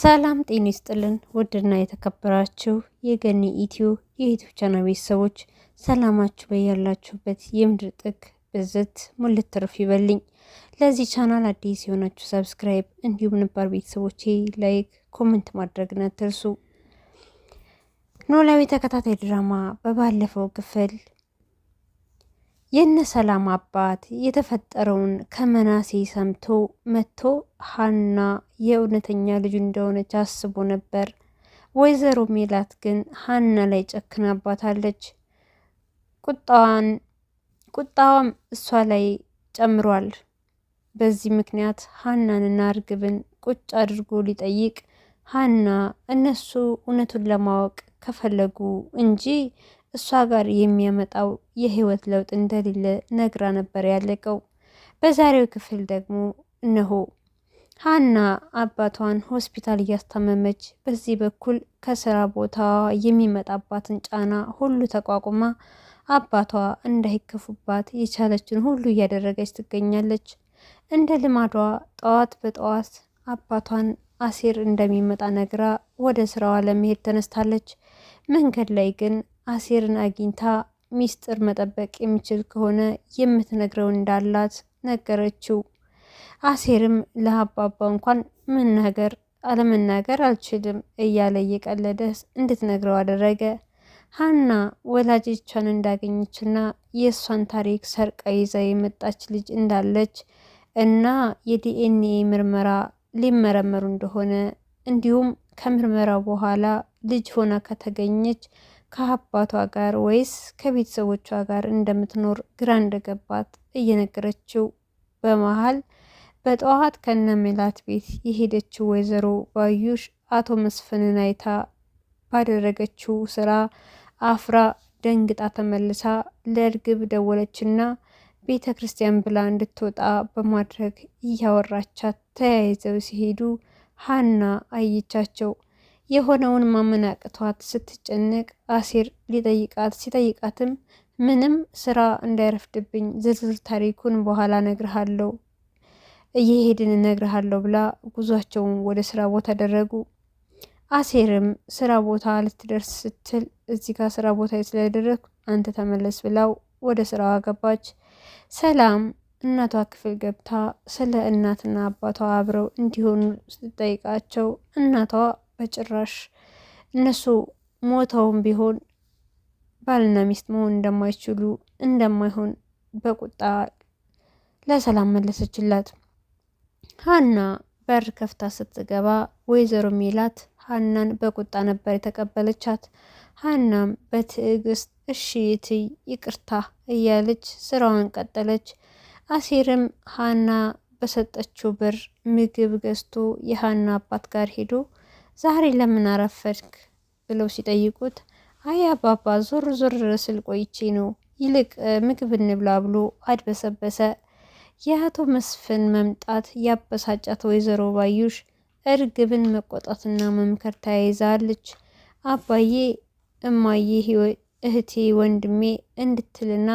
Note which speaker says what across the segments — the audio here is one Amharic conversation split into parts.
Speaker 1: ሰላም ጤና ይስጥልን ውድና የተከበራችሁ የገኒ ኢትዮ የዩቲዩብ ቻናል ቤተሰቦች ሰላማችሁ በያላችሁበት የምድር ጥግ ብዝት ሙልት ትርፍ ይበልኝ። ለዚህ ቻናል አዲስ የሆናችሁ ሰብስክራይብ፣ እንዲሁም ነባር ቤተሰቦቼ ላይክ፣ ኮመንት ማድረግን አትርሱ። ኖላዊ ተከታታይ ድራማ በባለፈው ክፍል የነ ሰላም አባት የተፈጠረውን ከመናሴ ሰምቶ መጥቶ ሀና የእውነተኛ ልጁ እንደሆነች አስቦ ነበር። ወይዘሮ ሜላት ግን ሀና ላይ ጨክናባታለች። ቁጣዋን ቁጣዋም እሷ ላይ ጨምሯል። በዚህ ምክንያት ሀናንና እርግብን ቁጭ አድርጎ ሊጠይቅ ሀና እነሱ እውነቱን ለማወቅ ከፈለጉ እንጂ እሷ ጋር የሚያመጣው የህይወት ለውጥ እንደሌለ ነግራ ነበር ያለቀው። በዛሬው ክፍል ደግሞ እነሆ ሀና አባቷን ሆስፒታል እያስታመመች በዚህ በኩል ከስራ ቦታዋ የሚመጣባትን ጫና ሁሉ ተቋቁማ አባቷ እንዳይከፉባት የቻለችን ሁሉ እያደረገች ትገኛለች። እንደ ልማዷ ጠዋት በጠዋት አባቷን አሴር እንደሚመጣ ነግራ ወደ ስራዋ ለመሄድ ተነስታለች። መንገድ ላይ ግን አሴርን አግኝታ ሚስጥር መጠበቅ የሚችል ከሆነ የምትነግረው እንዳላት ነገረችው። አሴርም ለአባባ እንኳን መናገር አለመናገር አልችልም እያለ እየቀለደ እንድትነግረው አደረገ። ሀና ወላጆቿን እንዳገኘችና የእሷን ታሪክ ሰርቃ ይዛ የመጣች ልጅ እንዳለች እና የዲኤንኤ ምርመራ ሊመረመሩ እንደሆነ እንዲሁም ከምርመራው በኋላ ልጅ ሆና ከተገኘች ከአባቷ ጋር ወይስ ከቤተሰቦቿ ጋር እንደምትኖር ግራ እንደገባት እየነገረችው በመሀል በጠዋት ከነሜላት ቤት የሄደችው ወይዘሮ ባዩሽ አቶ መስፍንን አይታ ባደረገችው ስራ አፍራ ደንግጣ ተመልሳ ለእርግብ ደወለችና ቤተ ክርስቲያን ብላ እንድትወጣ በማድረግ እያወራቻት ተያይዘው ሲሄዱ ሀና አየቻቸው። የሆነውን ማመናቅቷት ስትጨነቅ አሲር ሊጠይቃት ሲጠይቃትም ምንም ስራ እንዳይረፍድብኝ ዝርዝር ታሪኩን በኋላ ነግርሃለው እየሄድን እነግርሃለሁ ብላ ጉዟቸውን ወደ ስራ ቦታ አደረጉ። አሴርም ስራ ቦታ ልትደርስ ስትል እዚህ ጋር ስራ ቦታ ስለደረግ አንተ ተመለስ ብላው ወደ ስራዋ ገባች። ሰላም እናቷ ክፍል ገብታ ስለ እናትና አባቷ አብረው እንዲሆኑ ስትጠይቃቸው እናቷ በጭራሽ እነሱ ሞተውም ቢሆን ባልና ሚስት መሆን እንደማይችሉ እንደማይሆን በቁጣ ለሰላም መለሰችላት። ሀና በር ከፍታ ስትገባ ወይዘሮ ሜላት ሀናን በቁጣ ነበር የተቀበለቻት። ሀናም በትዕግስት እሺ ይቅርታ እያለች ስራዋን ቀጠለች። አሲርም ሀና በሰጠችው ብር ምግብ ገዝቶ የሀና አባት ጋር ሄዶ ዛሬ ለምን አረፈድክ ብለው ሲጠይቁት አይ አባባ ዞር ዞር ስል ቆይቼ ነው፣ ይልቅ ምግብ እንብላ ብሎ አድበሰበሰ። የአቶ መስፍን መምጣት ያበሳጫት ወይዘሮ ባዩሽ እርግብን መቆጣትና መምከር ተያይዛለች። አባዬ፣ እማዬ፣ እህቴ፣ ወንድሜ እንድትልና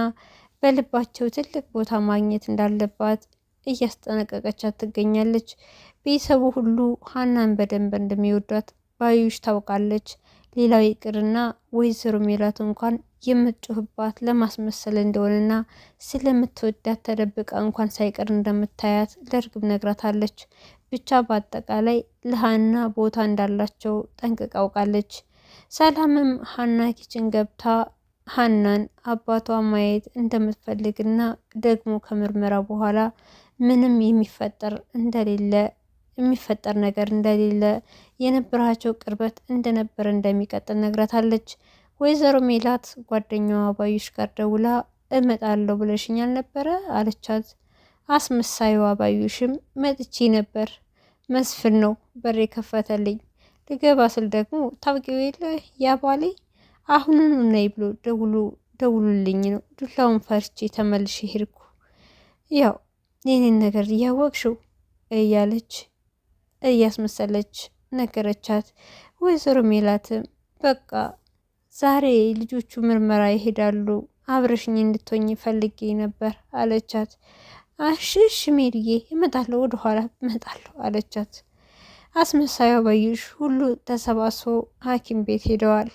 Speaker 1: በልባቸው ትልቅ ቦታ ማግኘት እንዳለባት እያስጠነቀቀቻት ትገኛለች። ቤተሰቡ ሁሉ ሀናን በደንብ እንደሚወዷት ባዩሽ ታውቃለች። ሌላው ይቅርና ወይዘሮ ሜላት እንኳን የምትጮህባት ለማስመሰል እንደሆነና ስለምትወዳት ተደብቃ እንኳን ሳይቀር እንደምታያት ለእርግብ ነግራታለች። ብቻ በአጠቃላይ ለሀና ቦታ እንዳላቸው ጠንቅቃ አውቃለች። ሰላምም ሀና ኪችን ገብታ ሀናን አባቷ ማየት እንደምትፈልግና ደግሞ ከምርመራ በኋላ ምንም የሚፈጠር እንደሌለ የሚፈጠር ነገር እንደሌለ የነበራቸው ቅርበት እንደነበረ እንደሚቀጥል ነግረታለች። ወይዘሮ ሜላት ጓደኛዋ ባዩሽ ጋር ደውላ እመጣለሁ ብለሽኛል ነበረ አለቻት። አስመሳዩ አባዩሽም መጥቼ ነበር፣ መስፍን ነው በሬ ከፈተልኝ። ልገባ ስል ደግሞ ታውቂው የለ ያ ባሌ አሁኑኑ ነይ ብሎ ደውሉ ደውሉልኝ ነው ዱላውን ፈርቼ ተመልሼ ሄድኩ። ያው ይህንን ነገር እያወቅሽው እያለች እያስመሰለች ነገረቻት። ወይዘሮ ሜላትም በቃ ዛሬ ልጆቹ ምርመራ ይሄዳሉ፣ አብረሽኝ እንድትሆኝ ፈልጌ ነበር አለቻት። አሽሽ ሜድዬ እመጣለሁ፣ ወደኋላ እመጣለሁ አለቻት። አስመሳዩ ባዩሽ ሁሉ ተሰባስቦ ሐኪም ቤት ሄደዋል።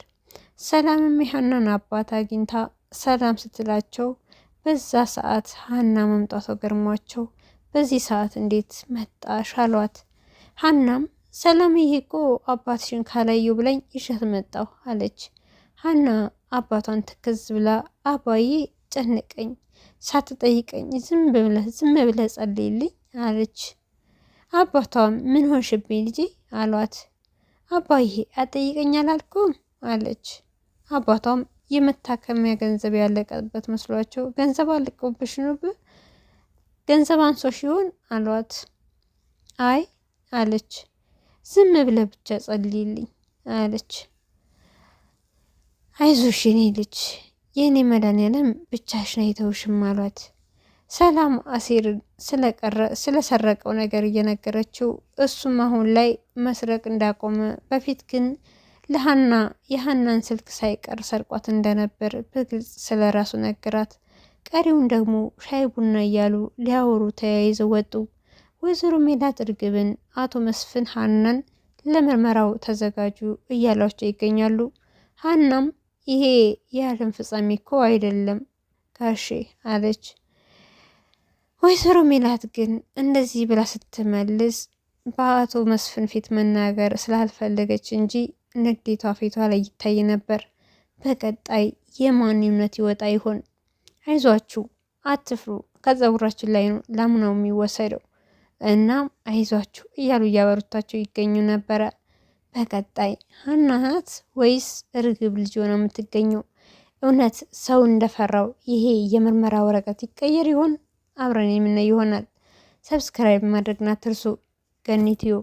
Speaker 1: ሰላምም የሀናን አባት አግኝታ ሰላም ስትላቸው በዛ ሰዓት ሀና መምጣቷ ገርሟቸው በዚህ ሰዓት እንዴት መጣሽ አሏት። ሀናም ሰላምዬ እኮ አባትሽን ካላየው ብለኝ ይሸት መጣሁ አለች። ሀና አባቷን ትክዝ ብላ አባዬ ጨነቀኝ፣ ሳትጠይቀኝ ዝም ብለህ ዝም ብለህ ጸልይልኝ አለች። አባቷም ምን ሆንሽብኝ ልጄ አሏት። አባዬ አጠይቀኝ አላልኩም አለች። አባቷም የመታከሚያ ገንዘብ ያለቀበት መስሏቸው ገንዘብ አለቀብሽ ነው ገንዘብ አንሶ ሲሆን አሏት። አይ አለች። ዝም ብለ ብቻ ጸልይልኝ አለች። አይዞሽ የኔ ልጅ የእኔ መድኃኒዓለም ብቻሽን አይተውሽም አሏት። ሰላም አሴር ስለቀረ ስለሰረቀው ነገር እየነገረችው እሱም አሁን ላይ መስረቅ እንዳቆመ በፊት ግን ለሀና የሀናን ስልክ ሳይቀር ሰርቋት እንደነበር በግልጽ ስለ ራሱ ነገራት። ቀሪውን ደግሞ ሻይ ቡና እያሉ ሊያወሩ ተያይዘው ወጡ። ወይዘሮ ሜላት እርግብን፣ አቶ መስፍን ሀናን ለምርመራው ተዘጋጁ እያሏቸው ይገኛሉ። ሀናም ይሄ የዓለም ፍጻሜ እኮ አይደለም ጋሼ አለች። ወይዘሮ ሜላት ግን እንደዚህ ብላ ስትመልስ በአቶ መስፍን ፊት መናገር ስላልፈለገች እንጂ ንዴቷ ፊቷ ላይ ይታይ ነበር። በቀጣይ የማን እምነት ይወጣ ይሆን? አይዟችሁ፣ አትፍሩ፣ ከጸጉራችን ላይ ነው ላሙናው የሚወሰደው። እናም አይዟችሁ እያሉ እያበሩታቸው ይገኙ ነበረ። በቀጣይ ሀና ናት ወይስ እርግብ ልጅ ሆነ የምትገኘው? እውነት ሰው እንደፈራው ይሄ የምርመራ ወረቀት ይቀየር ይሆን? አብረን የምናይ ይሆናል። ሰብስክራይብ ማድረግና ትርሱ ገኒትዮ